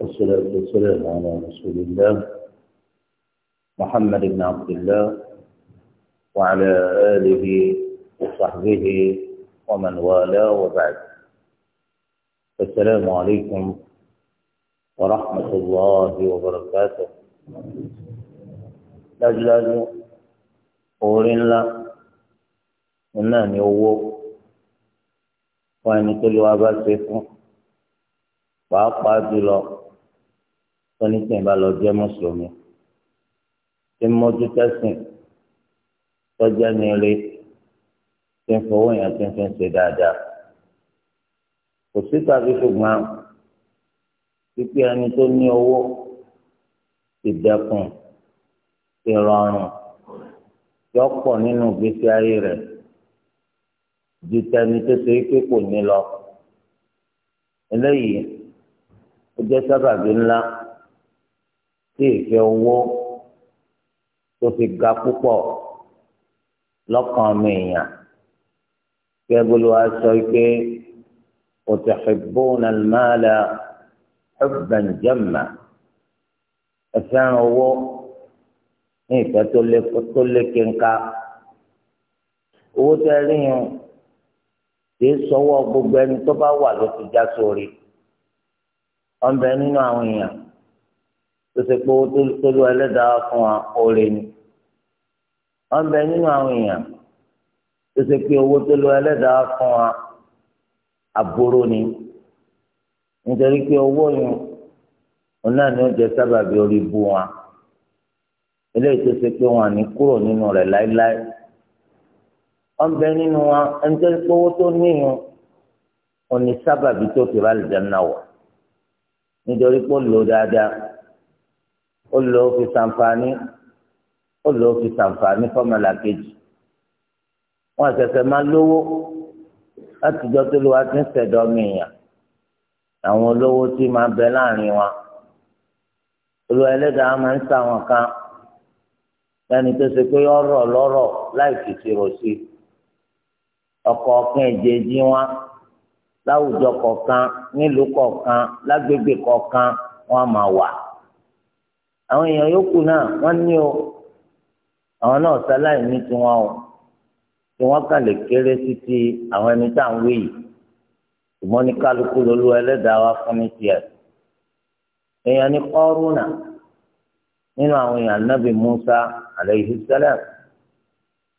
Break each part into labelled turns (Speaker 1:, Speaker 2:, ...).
Speaker 1: والصلاة والسلام على رسول الله محمد بن عبد الله وعلى آله وصحبه ومن والاه وبعد السلام عليكم ورحمة الله وبركاته dájúdájú orí أقول náà إنني owó fún ẹni tó pàápàá jùlọ tóníṣẹ́ bá lọ jẹ́ mùsùlùmí tí mójú tẹ́sìn tọ́jọ́ ní ilé tí ń fowó yẹn tí ń fi ń ṣe dáadáa kò sí tàbí ṣùgbọ́n pípé ẹni tó ní owó ìdẹkùn ìrọ̀rùn yọ pọ̀ nínú ìgbésí ayé rẹ̀ ju tẹni tó ṣe é pé kò ní lọ eléyìí ó jẹ́ sábàbí ńlá tí ìfẹ́ owó tó fi ga púpọ̀ lọ́kàn ọmọ èèyàn kẹ́gbọ́lù wa sọ pé òtẹ̀fẹ̀bọ́nà máàlá hubban jamma ẹ̀fẹ́ràn owó ní ìfẹ́ tó lékè ńká owó tẹ́ rí yẹn kì í sọ́wọ́ gbogbo ẹni tó bá wà ló ti já sórí ọ̀nbẹ nínú àwọn èèyàn tó ṣe pé owó tó ẹlẹ́dàá fún wa oore ni ọ̀nbẹ nínú àwọn èèyàn tó ṣe pé owó tó lú ẹlẹ́dàá fún wa aburú ni nítorí pé owó yìí òun náà ni ó jẹ sábàbí orí bu wọn eléyìí tó ṣe pé wọn à ní kúrò nínú rẹ̀ láéláé ọ̀nbẹ nínú wa ẹni tó ṣe pé owó tó níyìn òun ni sábàbí tó fi rà lìjẹ náà wọ̀ nítorí pé ó lò dáadáa ó lò ó fi ṣàǹfààní ó lò ó fi ṣàǹfààní fọmọlà kejì wọn àṣẹ̀ṣẹ̀ máa lówó látijọ́ tó lówó àti ń ṣẹ̀dọ̀ mìíyàn àwọn olówó tí máa bẹ láàrin wa olùwà ẹlẹ́dàá máa ń sá kan lẹ́ni tó ṣe pé ọ̀rọ̀ lọ́rọ̀ láì fìṣirò sí ọkọ̀ ọ̀kan ẹ̀jẹ̀ wọn. láwùjọ kọ̀ọ̀kan nílùú kọ̀ọ̀kan lágbègbè kọ̀ọ̀kan wọn a máa wà. àwọn èèyàn yòókù náà wọn ní o àwọn náà sáláì ní tiwọn o tí wọ́n kà lè kéré sí ti àwọn ẹni tá à ń wí yìí ṣùgbọ́n ní kálukú lolú ẹlẹ́dàá wa fún ní tiẹ̀. èèyàn ní kọ́rùnà nínú àwọn èèyàn nábì Musa alayhi salam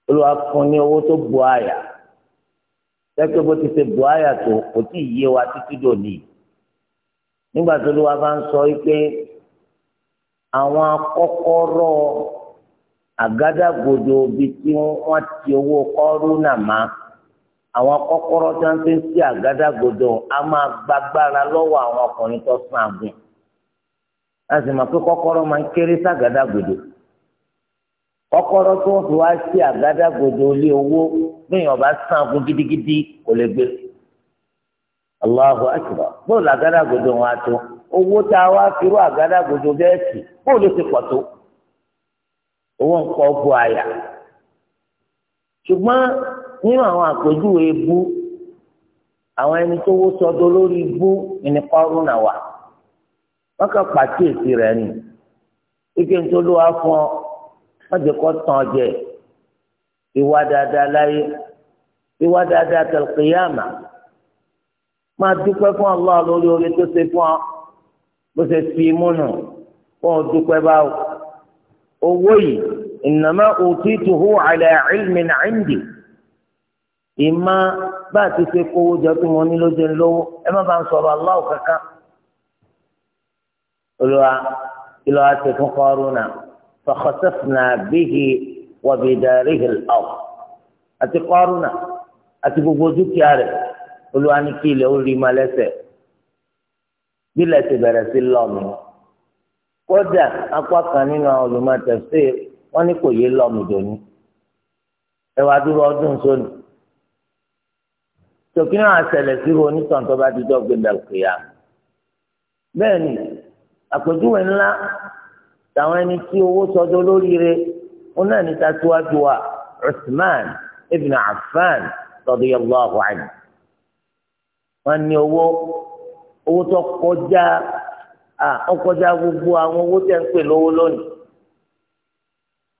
Speaker 1: olùwà fún ní owó tó bu àyà. tẹ́tọ́ bó ti ṣe bọ́ àyà tó kò tí ì yé wa títí dòní. nígbà tó lówà bá ń sọ pé àwọn kọ́kọ́rọ́ àgádágodo bíi tí wọ́n ti owó kọ́rúnà má àwọn kọ́kọ́rọ́ tí wọ́n ti ń sí àgádágodo á máa gbàgbára lọ́wọ́ àwọn ọkùnrin tó sàn àgùn. láti mọ̀ pé kọ́kọ́rọ́ máa ń kéré ságàdágodo. kọ́kọ́rọ́ tó ń fi wá sí àgádágodo ilé owó gbìyànjú sàn gidigidi kò lè gbé Allahu akbar bóòlù àgádágodo wọn owó tá a wá firú àgádágodo bẹ́ẹ̀ sì bóòlù ti pọ̀ tó owó nǹkan bu àyà ṣùgbọ́n nínú àwọn àpèjúwe àwọn ẹni tó wó sọdọ lórí náà ike ń tó wá fún má jẹ́ kó tán jẹ ìwà dáadáa láyé ìwà dáadáa tẹlifíyàmà máa dúpẹ́ fún Allah lórí oore tó ṣe fún ọ bó ṣe fi múnú fún ọ dúpẹ́ báwo owó yìí innama utituhu ala ilmin indi ìmọ̀ bá a ti ṣe kówó jọ tí mo ní lóde lówó ẹ má bá ń sọ̀rọ̀ Allah kankan olùwà kí ló wá ṣe fún kọ́rùnà. فخسفنا به وبداره الأرض أتقارنا أتبوجوك يا رب قلوا أني كي لأولي ما لسه بلا تبرس الله منه kódà apá kan nínú àwọn olùmọ̀ tafsir wọn ní kò yé lọmọdé ni ẹwà dúró ọdún sóni tòkí náà ṣẹlẹ̀ síro onítàn tó bá ti dọgbìn dàkúyà bẹ́ẹ̀ ni àpèjúwe ńlá tàwọn ẹni tí owó sọdọ lóríire wọn náà ní tasiwaju wa Uthman ibn Affan radiyallahu anhu wọn ní owó owó tó kọjá ọkọjá gbogbo àwọn owó tẹ̀ ń pè lówó lónìí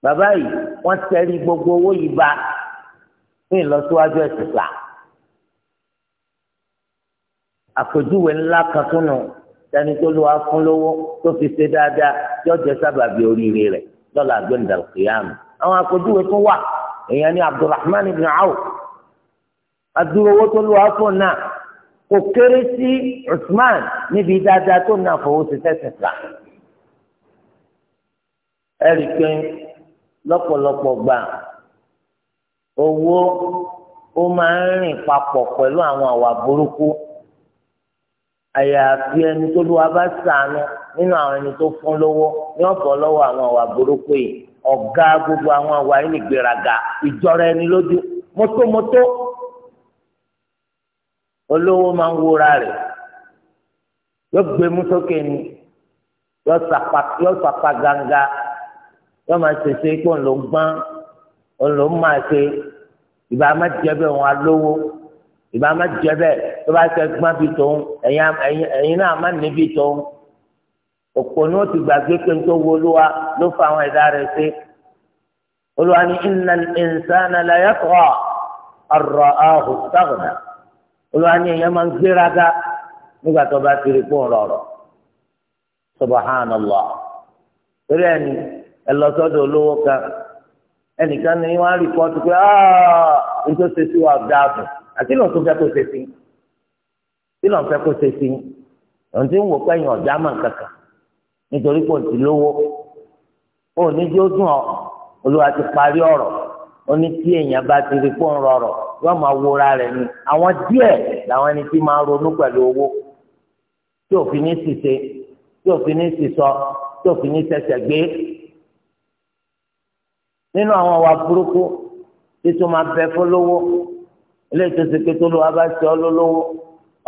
Speaker 1: bàbá yìí wọ́n tẹrí gbogbo owó yìí bá fún ìlọsíwájú ẹsìn gbà àpèjúwe ńlá kan tó nù tani tó lu afún lówó tó fi ṣe dáadáa yóò jẹ sábàbí oríire rẹ̀ lọ́la gbẹ̀ndà kìyàmù àwọn àpèjúwe tó wà èèyàn ní Abdulrahman ibn Awf adúrówó tó lu afún náà kò kéré sí Usman níbi dáadáa tó náà fowó ṣe fẹsẹ̀ fà pé lọ́pọ̀lọpọ̀ gbà owó ó máa ń rìn papọ̀ pẹ̀lú àwọn àwà burúkú àyàfi ẹni tó lù wá bá sànù nínú àwọn ẹni tó fún lọ́wọ́ ní ọ̀bọ̀ lọ́wọ́ àwọn àwà burúkú yìí ọ̀gá gbogbo àwọn àwà yìí nìgbéraga ìjọra ẹni lójú mọ́tómọ́tó olówó máa ń wúra rẹ̀ yóò gbé mú sókè ni yóò sàpà ganga yóò máa ṣèṣe pé òun ló ń gbọ́n òun ló ń máa ṣe ìbá wọn alówó ìbá má jẹ bẹ́ẹ̀ tó bá ṣe gbọ́n bí tòun ẹ̀yin náà má níbi tòun òpó ni ó ti gbàgbé pé tó wo olúwa ló fa àwọn ẹ̀dá rẹ̀ sí olúwa ní innal insana la yatgha ọ̀rọ̀ ọ̀hún sọ̀rọ̀ olúwa ní ẹ̀yàn máa ń gbéraga nígbà tó bá ti rí pé ń rọrọ̀ subhanallah torí ẹni ẹ olówó kan ẹnìkan ni wọ́n á rìpọ́tù pé ọ́ọ́ nítorí ṣe sí wa dáàbò àti lọ́n tó fẹ́ kó ṣe sí tí fẹ́ kó ṣe sí lọ́n ti ń wò pẹ́yìn ọ̀já mọ̀ kankan nítorí pé o ti lówó o ní tí ó dùn ọ olúwa ti parí ọ̀rọ̀ ó ní tí èèyàn bá ti rí kó ń rọrọ̀ yóò máa wúra rẹ̀ ni àwọn díẹ̀ làwọn ẹni tí máa ronú pẹ̀lú owó tí òfin ní ṣìṣe tí òfin ní ṣìṣọ tí òfin ní ṣẹṣẹ gbé nínú àwọn wa burúkú tí tó máa bẹ fún lówó ilé ìtòsí pé tó ló wá bá ṣe ọ lólówó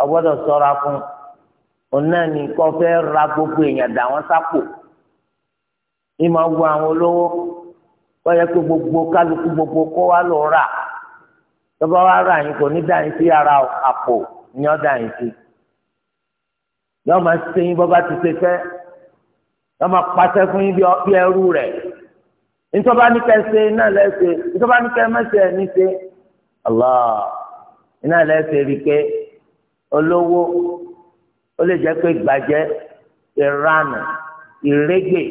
Speaker 1: ọgbọ́dọ̀ ṣọ́ra fún un náà ní kó fẹ́ ra gbogbo èèyàn dà wọ́n sápò ní máa wo àwọn olówó kó yẹ kó gbogbo kálukú gbogbo kó wá lọ rà tọ́ba wá rà yín kò ní dà yín sí ara àpò ní ọ́ dà sí yọ́ọ́ máa ṣe yín bọ́ba ti ṣe fẹ́ yọ́ọ́ máa pàṣẹ fún yín bí ẹrú rẹ̀ ntọ́ba ní kẹ́ ṣe náà lẹ́sẹ̀ ntọ́ba ní kẹ́ mẹ́sẹ̀ ní ṣe allah iná lẹ́sẹ̀ rí i pé olówó ó lè jẹ́ pé gbàjẹ́ ìranù ìrégbè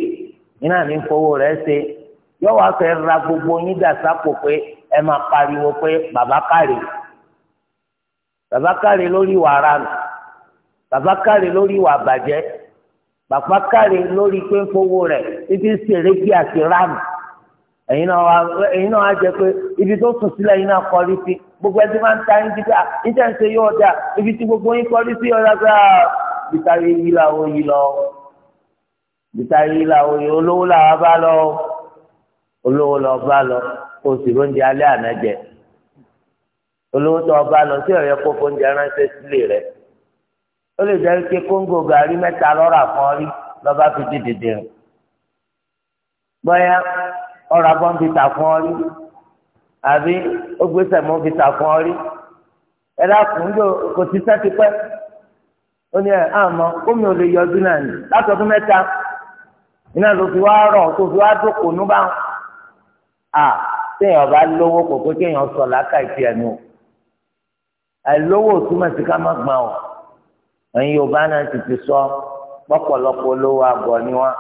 Speaker 1: iná ní fowó rẹ̀ ṣe yóò wá fẹ́ ra gbogbo yín dàsápò pé ẹ máa pariwo pé bàbá kárì bàbá kárì lórí ìwà ranù bàbá kárì lórí ìwà bàjẹ́ bàbá kárì lórí pé fowó rẹ̀ títí ṣèrègbè àti ranù ẹ̀yin náà wá ẹ̀yin náà wá jẹ pé ibi tó sùn sílẹ̀ ẹ̀yin náà kọrí sí gbogbo ẹtí máa ń ta ẹ̀yin títà níta ń ṣe yóò dà ibi tí gbogbo yín kọrí sí ọ̀dà pé ah, bìtàrí yìí làwọn yìí lọ bìtàrí yìí làwọn yìí olówó làwọn bá lọ olówó lọ bá lọ kó o sì lóúnjẹ alẹ́ àná olówó tó ọba lọ sí ọ̀yẹ́ kó fóúnjẹ ránṣẹ́ sílé rẹ̀ ó lè jẹ́ pé kóńgò gàrí mẹ́ta lọ́ra kan lọ́ba fi dídìdì rìn bọ́yá ọ̀rọ̀ abọ́n fi tà fún ọ rí àbí ó gbé sẹ̀mú fi tà fún ọ rí ẹ dákun ló kò sí sẹ́tì pẹ́ ó ní ẹ àmọ́ omi ò lè yọjú náà nì látọdún mẹ́ta iná ló fi wá rọ̀ tó fi wá dókòó nú bá à téèyàn bá lówó kò pé kéèyàn sọ làákà ìtì ẹ̀ nù àìlówó túmọ̀ sí ká má gbọ́n o ẹ̀yin Yorùbá náà ti ti sọ pọ̀pọ̀lọpọ̀ olówó àgọ́ ni wọ́n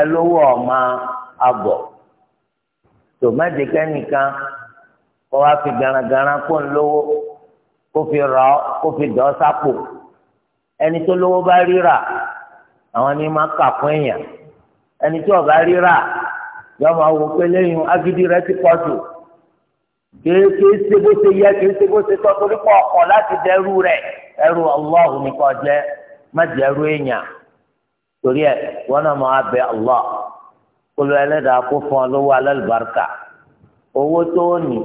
Speaker 1: ẹ̀lówó ọ̀ máa. abọ̀ tó má jẹ́ kẹ́nìkan kó wá fi garagara kó ń lówó kó fi rà ọ́ kó fi dọ́ sápò ẹni tó lówó bá ríra àwọn ni máa kà fún èèyàn ẹni tó bá ríra yọ máa wò pé lẹ́yìn rẹ ti pọ̀ jù kéèké ṣe bó ṣe yẹ kéèké bó ṣe kólú ẹlẹ́dàá kó fún ọ lówó alálùbáríkà owó tó ní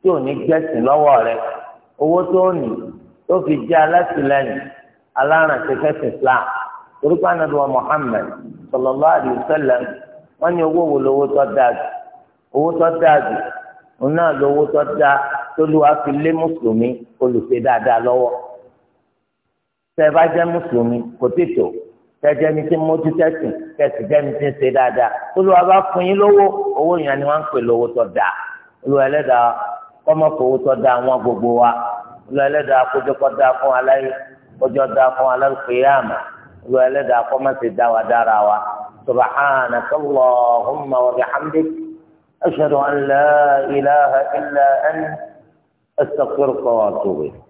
Speaker 1: tí ò ní gbẹ̀sìn lọ́wọ́ rẹ owó tó ní tó fi jẹ́ alátìlẹ́yìn alárànṣẹ́ fẹ́sìn Islam orúkọ Ànábì wa Muhammad sallallahu alaihi wasallam wọ́n ní owó wo lówó tó dáa jù owó tó dáa jù òun náà lówó tó dáa tó lù wá lé mùsùlùmí olùṣe dáadáa lọ́wọ́ tẹ́ ẹ bá jẹ́ mùsùlùmí kò tètò kẹjẹ ní ti mójú tẹsìn kẹsì jẹni ti ń ṣe dáadáa olùwà bá fún yín lówó owó yẹn ni wọn ń pè lówó tó dáa olùwà ẹlẹ́dàá kọ́mọ fowó tó dáa wọn gbogbo wa olùwà ẹlẹ́dàá kójókọ́ dáa fún aláyé kójó dáa fún al-qiyāmah olùwà ẹlẹ́dàá kọ́mọ ti dá dára wa subhanaka Allahumma wa bihamdik ashhadu an la ilaha illa anta astaghfiruka wa atubu ilayk.